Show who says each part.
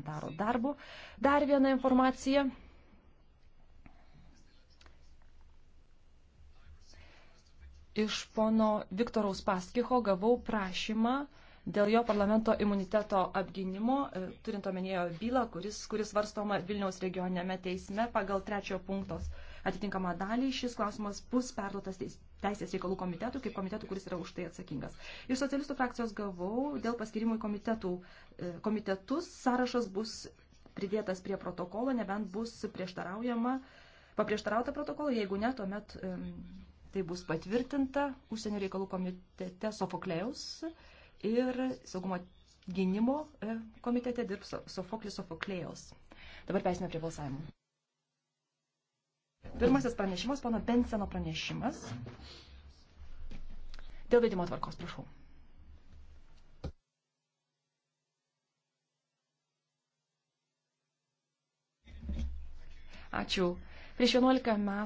Speaker 1: parlamentaro darbu. Dar viena informacija. Iš pono Viktoraus Paskiho gavau prašymą dėl jo parlamento imuniteto apginimo, e, turint omenyje bylą, kuris, kuris varstoma Vilniaus regioninėme teisme pagal trečiojo punktos atitinkamą dalį. Šis klausimas bus perduotas teis, Teisės reikalų komitetų, kaip komitetų, kuris yra už tai atsakingas. Iš socialistų frakcijos gavau dėl paskirimų į komitetų, e, komitetus. Sąrašas bus pridėtas prie protokolo, nebent bus prieštaraujama, paprieštarauta protokolo, jeigu ne, tuomet um, tai bus patvirtinta užsienio reikalų komitete Sofoklėjaus ir saugumo gynimo e, komitete dirbs Sofoklis Sofoklėjos. Dabar persime prie balsavimo. Pirmasis pranešimas, pono Benseno pranešimas. Dėl vedimo tvarkos, prašau. Ačiū. Prieš 11 metų.